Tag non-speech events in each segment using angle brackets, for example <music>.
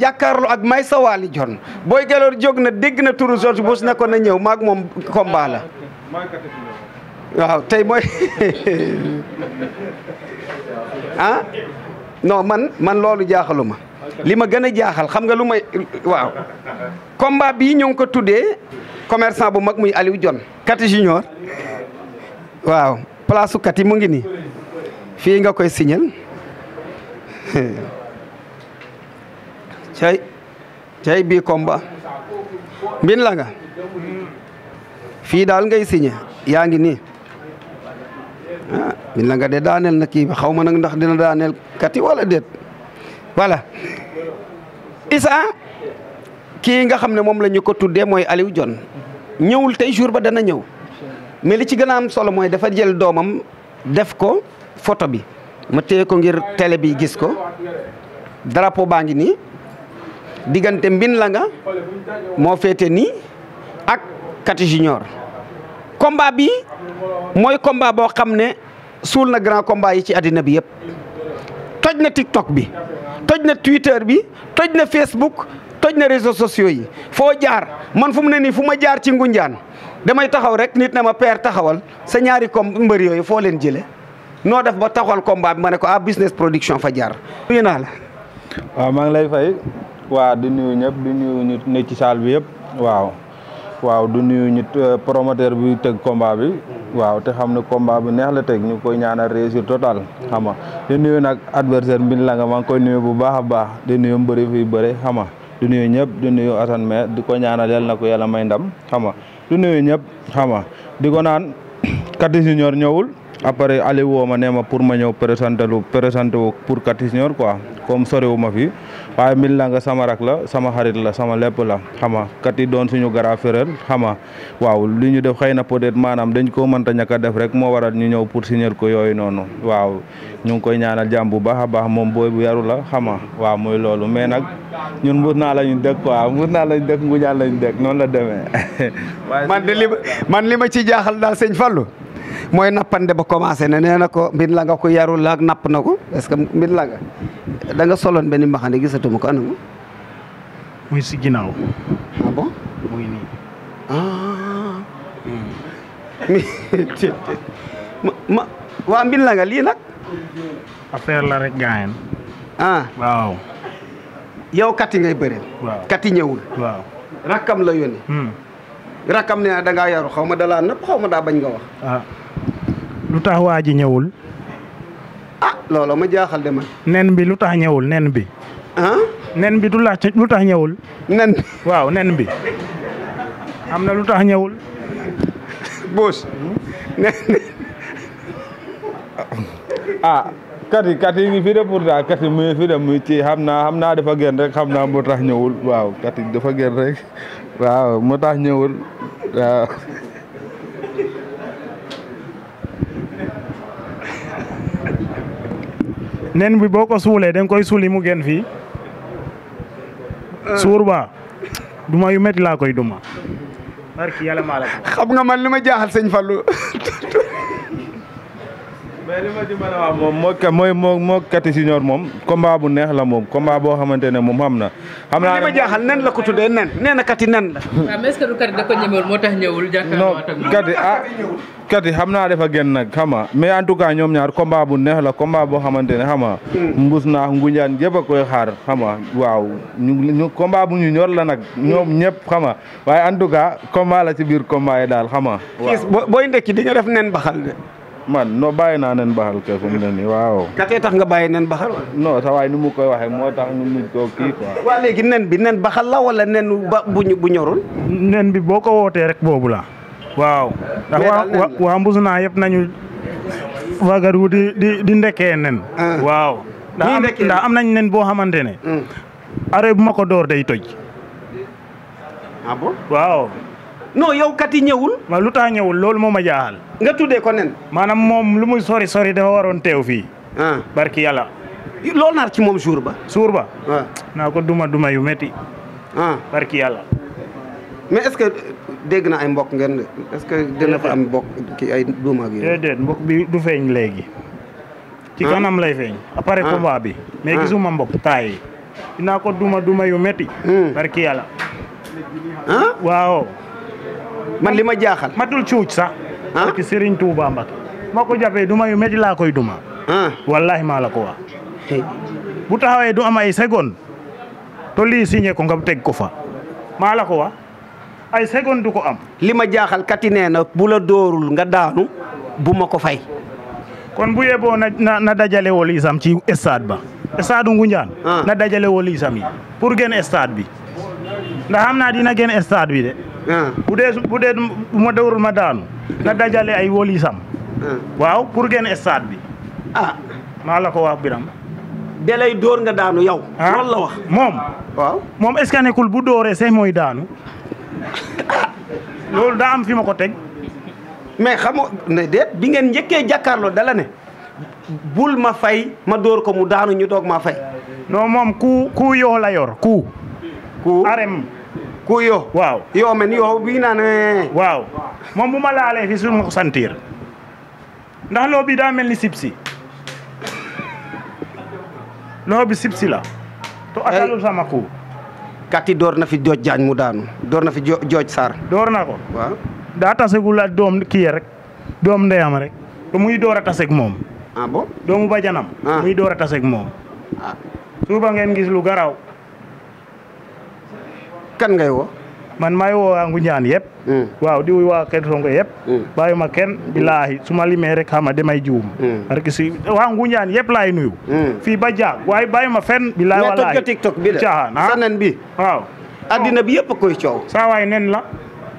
jàkkaarloo ak may sa waali jon booy geloor jog na dégg na turu George Bush ne ko na ñëw maag moom combat la waaw tey mooy <laughs> ah non man man loolu jaaxaluma li ma gën a jaaxal xam nga lu may waaw combat bii ñu ngi ko tuddee commerçant bu mag muy Aliou John Kati Junior waaw place Kati mu ngi nii fii nga koy signal <laughs> cey cey bii combat mbin la nga fii daal ngay signé yaa ngi nii ah mbin la nga de daaneel na kii bi xaw ma nag ndax dina daaneel kati wala déet voilà Isa kii nga xam ne moom la ko tudde mooy Aliou jon ñëwul tey jour ba dana ñëw mais li ci gën a am solo mooy dafa jël doomam def ko photo bi ma téye ko ngir tele bi gis ko drapeau baa ngi nii diggante mbin la nga moo féete nii ak Kati Junior combat bi mooy combat boo xam ne suul na grand combat yi ci àddina bi yëpp toj na TikTok bi toj na Twitter bi toj na Facebook toj na réseaux sociaux yi foo jaar man fu mu ne nii fu ma jaar ci Ngunjaan damay taxaw rek nit na ma père taxawal sa ñaari kom mbër yooyu foo leen jële noo def ba taxawal combat bi ma ne ko ah business production fa jaar. nuyu naa lay fay. waaw du nuyu ñëpp du nuyu ñu ne ci yëpp waaw waaw du nuyu ñu euh, promoteur bi tëgg combat bi waaw te xam ne combat bi neex la teg ñu koy ñaanal réussir total xam nga di nuyu nag adversaire bi la nga maa ngi koy bu baax a baax di nuyu mbëri fi bëri xam nga du nuyu ñëpp du nuyu Assane mais di ko ñaana yal na ko yàlla may ndam xam nga du nuyu ñëpp xam nga naan Kati Junior ñëwul. après Aliou woo ma ma pour ma ñëw présenté lu présenté wu pour Kati Junior quoi comme soriwu ma fi waaye mil la sama rak la sama xarit la sama lépp la xama Kati doon suñu gara frère xama waaw li ñu def xëy na peut-être maanaam dañ koo mënta ñàkk a def rek moo waral ñu ñëw pour signer ko yooyu noonu waaw ñu ngi koy ñaanal jàmm bu baax a baax moom booy bu yaru la xama waaw mooy loolu mais nag ñun mbuur naa la ñu dëkk quoi mbuur naa la ñu dëkk nguñaan la ñu dëkk noonu la demee. <laughs> man de li man li moy nappande ba commencé na nee ko mbir la nga ko yarul la ak napp nako est ce que mbir la nga da nga soloon benn mbaxane gisatuma ko anam. moy si ginaaw ah bon moy ni ah. Mm. ma wa waa la nga li nak affaire la rek gaayen. ah waaw. yow kati ngay beurel waaw kati wow, waaw rakkam la hmm, rakam ne ah, da nga yaru xawma da la nepp xawma da bañ nga wax. Ah lutax waji ñewul ah lolo, ma jaaxal de man. nen bi lutax ñewul nen bi. ah. nen bi du lacc lutax ñewul nen waaw nen bi. amna lutax ñewul tax nen <laughs> ah kati kati ngi fi de pourtant kati mu fi de mu ci xamna xamna dafa gën rek xamna mo tax ñewul waaw kati dafa gën rek waaw mo tax ñewul waaw. nen bi boo ko suulee da koy suuli mu gen fii euh. suur ba duma yu métti laa koy duma xam nga man li ma jaaxal sëñ Fallou <laughs> ma moom moo mooy moo moo kati senior moom combat bu neex la moom combat boo xamante ne moom xam na. xam naa li jaaxal nen la ko tuddee nen nee na kati nen la. <laughs> waaw mais est-ce que du kati ah kati xam naa defa génn nag xam nga mais en tout ñoom ñaar combat bu neex la combat boo xamante ne xam nga. Hmm. mbuus naax nguñaan yëpp a koy xaar xam waaw ñu bu ñu la nag. ñoom ñëpp xam waaye en tout cas combat la ci biir combat daal xam booy ndekki di nga def baxal de man non bàyyi naa nen baxal kay fu mu waaw. katee tax nga bàyyi nen baxal. non sa waay ni mu koy waxee moo tax ñu mujj koo kii quoi. waa léegi nen bi nen baxal la wala nen ba bu bu ñorul. nen bi boo ko wootee rek boobu la. waaw ndax waa waa Mbusuna yëpp nañu wagaru di di di ndekkee nen. Ah. waaw ndax am nañ nen boo xamante ne. Hmm. arrêt bu ma ko door day toj. Ah waaw. non yow kat yi ñëwul. ma lu tax ñëwul loolu moo ma jaaxal. nga tuddee ko nen. maanaam moom lu muy sori sori dafa waroon teew fii. ah barki yàlla. loolu naar ci moom suur ba. suur ba. Ah. naa ko duma duma yu métti. ah barki yàlla. mais est-ce que dégg na ay mbokk ngeen est-ce que dina fa am mbokk ki ay duuma ak yooyu. déedéet bi du feeñ léegi. ci ah. kanam lay feeñ. après ah. combat bi. mais gisuma mbokk taay naa ko duma duma yu métti. Hmm. barki yàlla. ah waaw. man li ma jaaxal. matul cuuc sax. ah ci Serigne Touba Mbacke. ko jàppee du yu métti laa koy duma. ah wallaahi maa la ko wax. bu taxawee du am ay seconde to lii ko nga teg ko fa maa la ko wax ay seconde du ko am. li ma jaaxal kati nee na bu la dóorul nga daanu bu ma ko fay. kon bu yeboo na na dajale wol ci stade ba stade Ngunjaan ah. na dajale wol yi pour génn stade bi ndax naa dina génn stade bi de. bu dee bu dee ma dawrul ma daanu na dajale ay wolisam hmm. waaw pour génn stade bi ah maa la ko wax biram dalay dóor nga daanu yow ah? loolu la wax moom waaw moom est bu dóoree sax mooy daanu <laughs> loolu daa am fi ma ko teg mais xam ne déet bi ngeen njëkkee jàkkaarloo dala ne bul ma fay ma dóor ko mu daanu ñu doog ma fay noo moom ku ku yoo la yor ku ku arem kuyo wow yo men yo bi nan wow. mom buma laalé fi sunu ko sentir ndax lo bi da melni sipsi lo bi sipsi la to atalu sama ko kati dor na fi joj jagn mu daanu dor na fi joj sar dor na ko wa da dom ki rek dom ndeyam rek muy dora ak mom ah bon domu bajanam ah. muy dora ak mom ah suba ngeen gis lu garaw kan ngay woo man maay woo waa Ngoundiane yëpp ừ. waaw di waa Kër Sonko yëpp bàyyuma kenn ừ. billaahi su ma limee rek xama demay juum parce ừ. que si waa Ngoundiane yep laay nuyu fii ba jaag waaye bàyyuma fenn billaahi wallaahi mais toj ko TikTok bi la caaxaan sanen bi waaw addina bi yëpp a koy coow saa waay nen la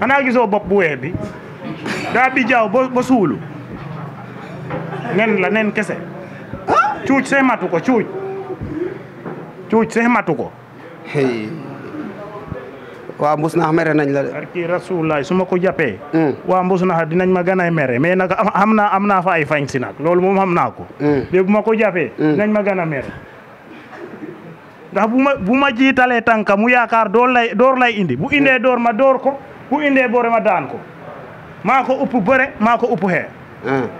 xanaa gisoo bopp bu weex bi daa bi jaaw ba suulu nen la nen kese cuuc see matu ko cuuc cuuc see matu ko waa mbus naax mere nañ la de. barki rasulaay su ma ko jàppee. Mm. waa mbus naax dinañ ma gën a mere mais nag am naa am naa fa ay fañ si nag loolu moom xam naa ko. mais mm. bu ma ko jàppee. Mm. dinañ ma gën a mere. ndax bu ma bu ma jiitalee tànka mu yaakaar door lay door lay indi bu indee door ma door ko bu indee boore ma daan ko maa ko ëpp bëre maa ko ëpp xee.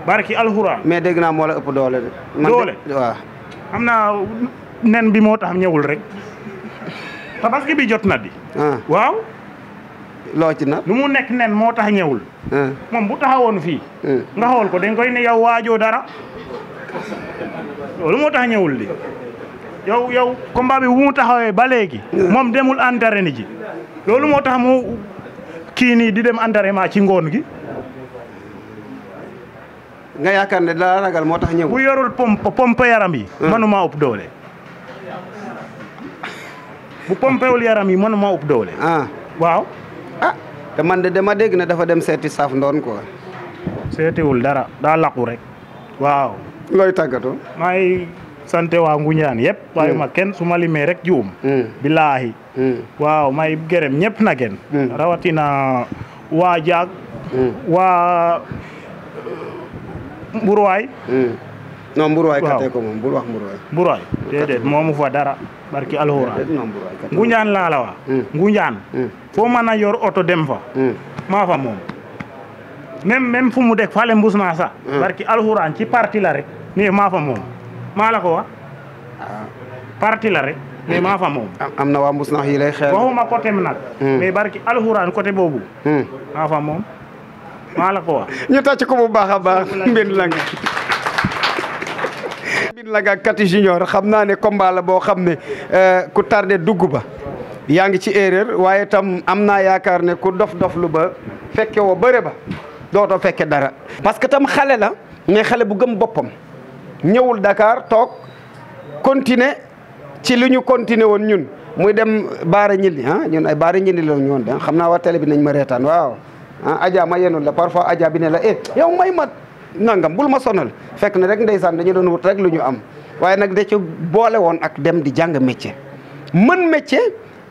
barki alxuraan. mais dégg naa moo la ëpp doole de. doole waaw. xam naa nen bi moo tax ñëwul rek. tabaski bi jot na di. Ah. waaw. loo ci na lu mu nekk nen moo tax ñëwul. Ah. moom bu taxawoon fii. Ah. nga xool ko dañ koy ne yow waajoo dara. loolu moo tax ñëwul di yow yow combat bi bu mu taxawee ba léegi. moom demul entraîné ji. loolu moo tax mu kii nii di dem entraînement ci ngoon gi. nga yaakaar ne daa ragal moo tax ñëwul. bu yorul pompe pompe yaram yi. mënuma ëpp doole. bu pompewul yaram yi man ma ëpp doole. ah waaw. ah te man de dama dégg ne dafa dem seeti saaf ndoon quoi. seetiwul dara daa laqu rek. waaw. looy tàggatoo. maa ngi sant waa Ngunjaan yëpp. waaye ma hmm. kenn su ma limee rek juum. Hmm. bilaahi. Hmm. waaw may gërëm ñëpp na kenn. rawatina waa jaag. waa Mburuwaay. non Mburuwaay. waaw ko moom bul Mburuwaay. déedéet moomu fa dara barki alxuraan Ngunjaan laa la wax hmm. Ngunjaan hmm. foo man a yor oto dem fa hmm. maa fa moom même même fu mu dëkk fale mbus naa sax barki alxuraan ci partila rek mais maa fa moom maa la ko wax ah. parti la rek mais maa fa moom am na waa mbus naa yi lay xeer waxuma côté mi nag mais barki alxuraan côté boobu maa fa moom maa la ko wax <laughs> ñu tàcc ko bu baax a baax Mbédou Langue Lamine Laga Kati Junior xam naa ne combat boo xam ne euh, ku tardé dugg ba yaa ngi ci erreur waaye tam am naa yaakaar ne ku dof-dof lu ba fekke woo bëre ba dootoo fekke dara. parce que tam xale la mais xale bu gëm boppam ñëwul dakaar toog continuer ci lu ñu continuer woon ñun. muy dem baara ñili ah ñun ay baara ñili la ñu woon de ah, xam naa waa télé bi nañ ma reetaan waaw ah Adja ma la parfois Adja la eh yow may mat. nangam bul ma sonal fekk na rek ndeysaan dañu doon wut rek lu ñu am waaye nag da ci boole woon ak dem di jàng métier. mën mecce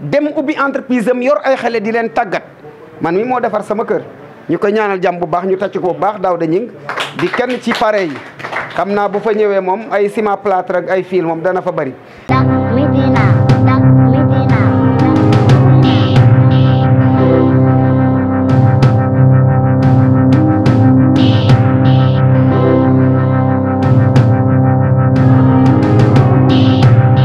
dem ubbi entreprise am yor ay xale di leen tàggat man mi moo defar sama kër ñu ko ñaanal jàmm bu baax ñu tàcc ko bu baax daaw dañu di kenn ci pare yi xam naa bu fa ñëwee moom ay ciment plate rek ay fil moom dana fa bari.